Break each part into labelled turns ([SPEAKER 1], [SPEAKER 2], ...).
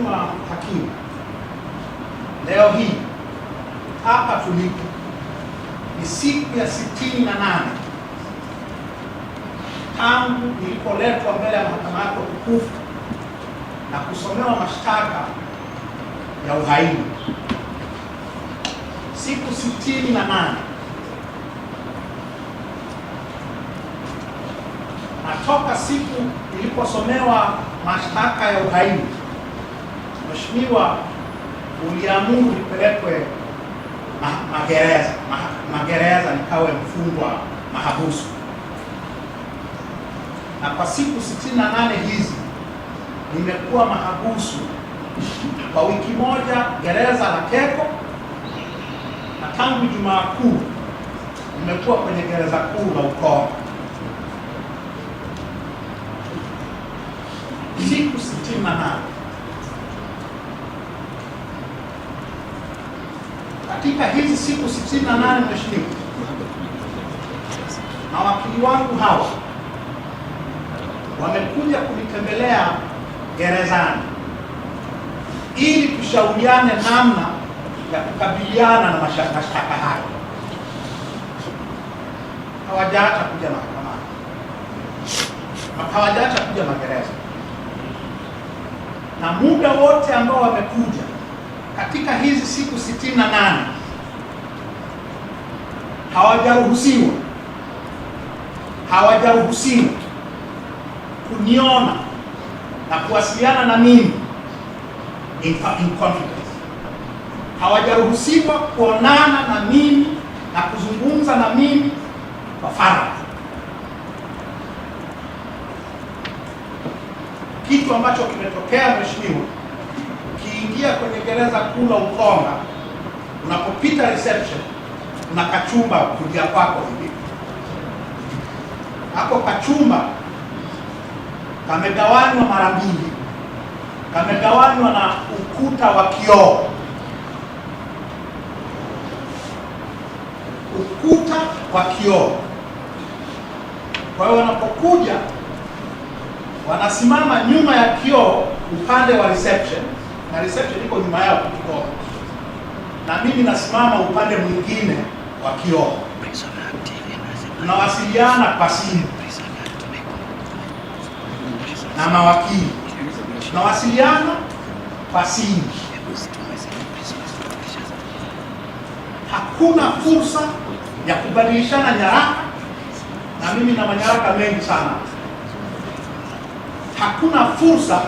[SPEAKER 1] Mheshimiwa Hakimu, leo hii hapa tulipo ni siku ya sitini na nane tangu nilipoletwa mbele ya mahakama yako tukufu na kusomewa mashtaka ya uhaini. Siku sitini na nane na toka siku niliposomewa mashtaka ya uhaini Mheshimiwa, uliamuru nipelekwe magereza ma magereza nikawe mfungwa mahabusu, na kwa siku 68 hizi nimekuwa mahabusu kwa wiki moja gereza la Keko, na tangu Jumaa Kuu nimekuwa kwenye gereza kuu la ukoo siku 68. katika hizi siku 68 mheshimiwa, mawakili wangu hawa wamekuja kunitembelea gerezani ili tushauriane namna ya kukabiliana na mashtaka hayo. Hawajaacha kuja mahakamani, hawajaacha kuja magereza, na muda wote ambao wamekuja katika hizi siku 68 hawajaruhusiwa hawajaruhusiwa kuniona na kuwasiliana na mimi in confidence, hawajaruhusiwa kuonana na mimi na kuzungumza na mimi kwa faragha, kitu ambacho kimetokea mheshimiwa ukiingia kwenye gereza kula Ukonga, unapopita reception na kachumba kulia kwako hivi, hapo kachumba kamegawanywa mara mbili, kamegawanywa na ukuta wa kioo. Ukuta wa kioo. Kwa hiyo wanapokuja wanasimama nyuma ya kioo upande wa reception na reception iko nyuma yao kioo, na mimi nasimama upande mwingine wa kioo, tunawasiliana kwa simu na mawakili, tunawasiliana kwa simu. Hakuna fursa ya kubadilishana nyaraka, na mimi na manyaraka mengi sana. Hakuna fursa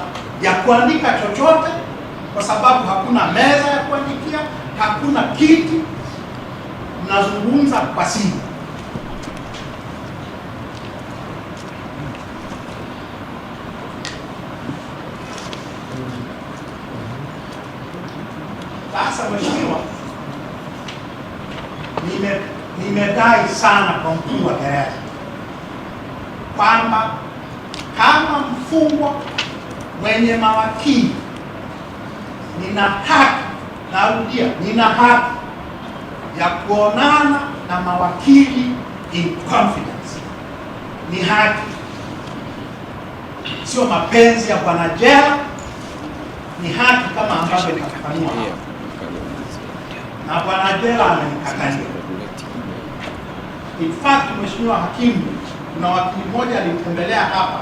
[SPEAKER 1] ya kuandika chochote kwa sababu hakuna meza ya kuandikia, hakuna kiti, mnazungumza kwa simu. Sasa mheshimiwa, nime nimedai sana kwa mkuu wa gereza kwamba kama mfungwa mwenye mawakili nina haki, narudia, nina haki ya kuonana na mawakili in confidence. Ni haki, sio mapenzi ya bwana jela, ni haki kama ambavyo nikafafanua na bwana jela amenikatalia. In fact, mheshimiwa hakimu, kuna wakili mmoja alimtembelea hapa,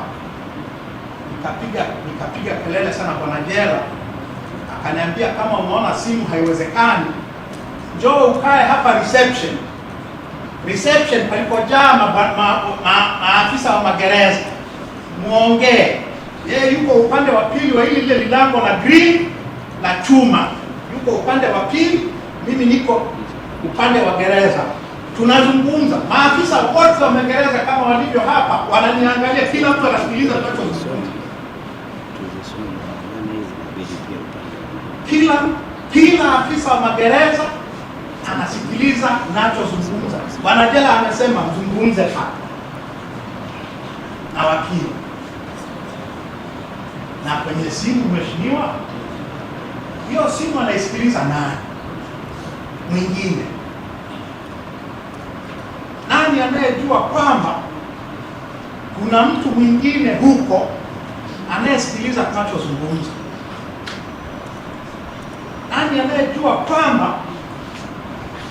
[SPEAKER 1] nikapiga nikapiga kelele sana bwana jela kaniambia kama unaona simu haiwezekani, njoo ukae hapa reception. Reception palipojaa maafisa ma, ma, ma, wa magereza, muongee. Yeye yuko upande wa pili wa ile lilango la green la chuma, yuko upande wa pili, mimi niko upande wa gereza tunazungumza. Maafisa wote wa magereza kama walivyo hapa wananiangalia, kila mtu anasikiliza tunachozungumza. kila kila afisa wa magereza anasikiliza nachozungumza. Bwana jela amesema mzungumze hapa na wakili na kwenye simu. Mheshimiwa, hiyo simu anaisikiliza nani mwingine? Nani anayejua kwamba kuna mtu mwingine huko anayesikiliza tunachozungumza? nani anayejua kwamba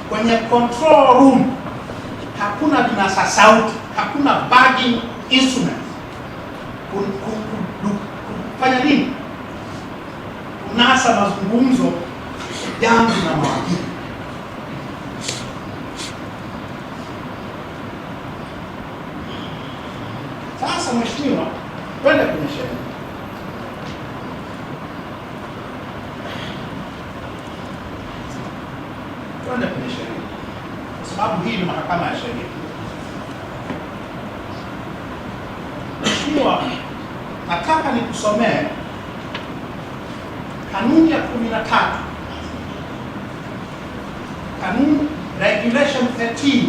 [SPEAKER 1] kwenye control room hakuna vinasa sauti, hakuna bagging instrument kufanya nini kunasa mazungumzo yangu na mawakili Mheshimiwa, nataka nikusomee kanuni ya kumi na tatu kanuni regulation 13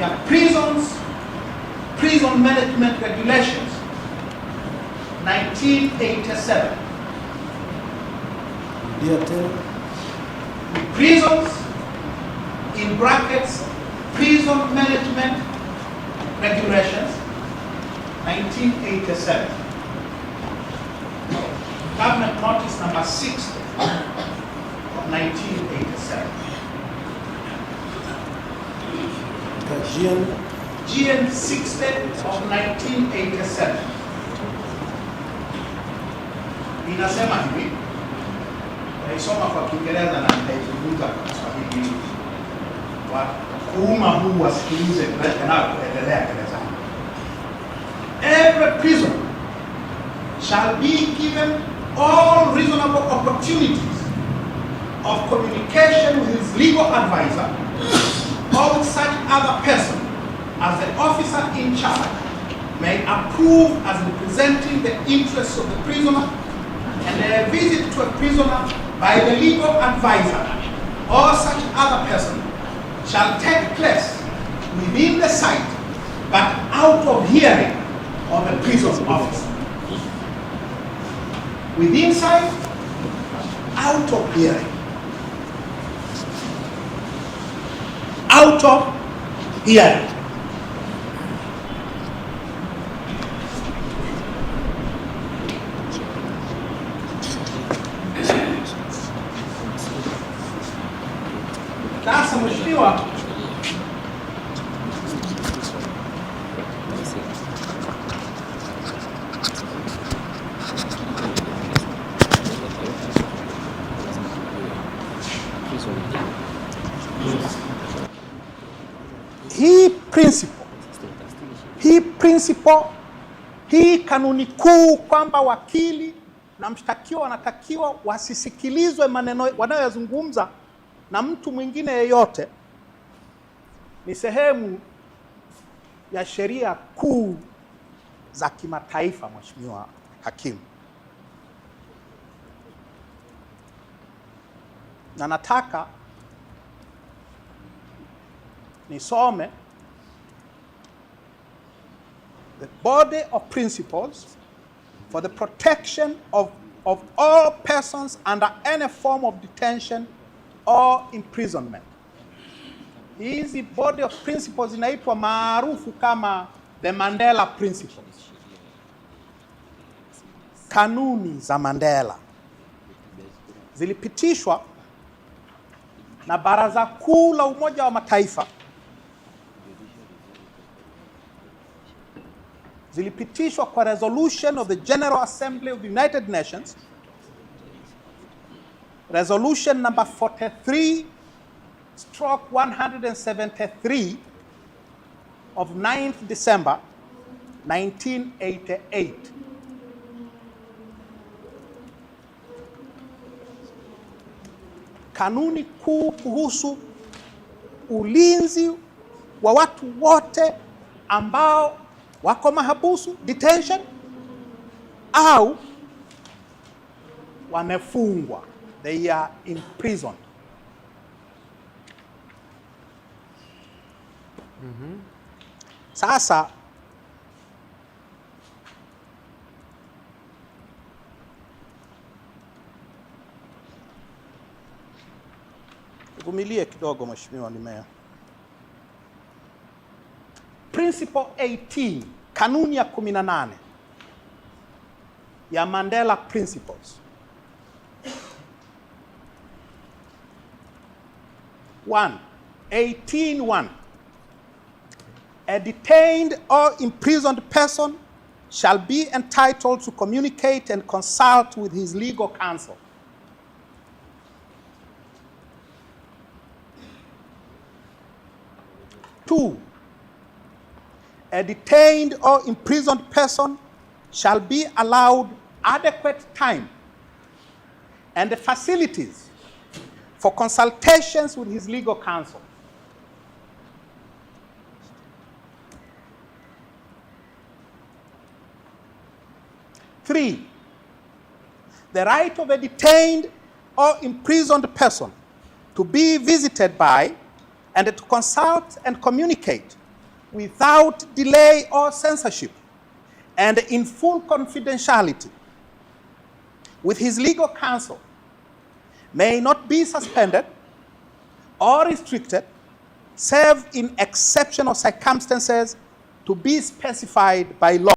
[SPEAKER 1] ya prisons prison management regulations 1987 ndio tena prisons in brackets prison management regulations 1987. Cabinet Notice number 6 of 1987. GN? GN 60 of 1987. Inasema hivi, naisoma kwa Kiingereza na nitaizungumza kwa Kiswahili kuuma huu wasikilize tunaendelea shall be given all reasonable opportunities of communication with his legal advisor or with such other person as the officer in charge may approve as representing the interests of the prisoner and a visit to a prisoner by the legal advisor or such other person shall take place within the site but out of hearing of the prison officer with inside, out of hearing, out of hearing. principle. Hii principle hii kanuni kuu kwamba wakili na mshtakiwa wanatakiwa wasisikilizwe maneno wanayoyazungumza na mtu mwingine yeyote, ni sehemu ya sheria kuu za kimataifa. Mheshimiwa Hakimu, na nataka nisome the body of principles for the protection of, of all persons under any form of detention or imprisonment. Hizi body of principles inaitwa maarufu kama the Mandela principles, kanuni za Mandela zilipitishwa na Baraza Kuu la Umoja wa Mataifa zilipitishwa kwa resolution of the General Assembly of the United Nations, resolution number 43 stroke 173 of 9th December 1988. Kanuni kuu kuhusu ulinzi wa watu wote ambao wako mahabusu detention, au wamefungwa, they are in prison. mm -hmm. Sasa vumilie kidogo, Mheshimiwa Meya. Principle 18, kanuni ya 18 ya Mandela Principles. One, 18, one. A detained or imprisoned person shall be entitled to communicate and consult with his legal counsel. Two, a detained or imprisoned person shall be allowed adequate time and the facilities for consultations with his legal counsel. Three, the right of a detained or imprisoned person to be visited by and to consult and communicate without delay or censorship and in full confidentiality with his legal counsel may not be suspended or restricted save in exceptional circumstances to be specified by law.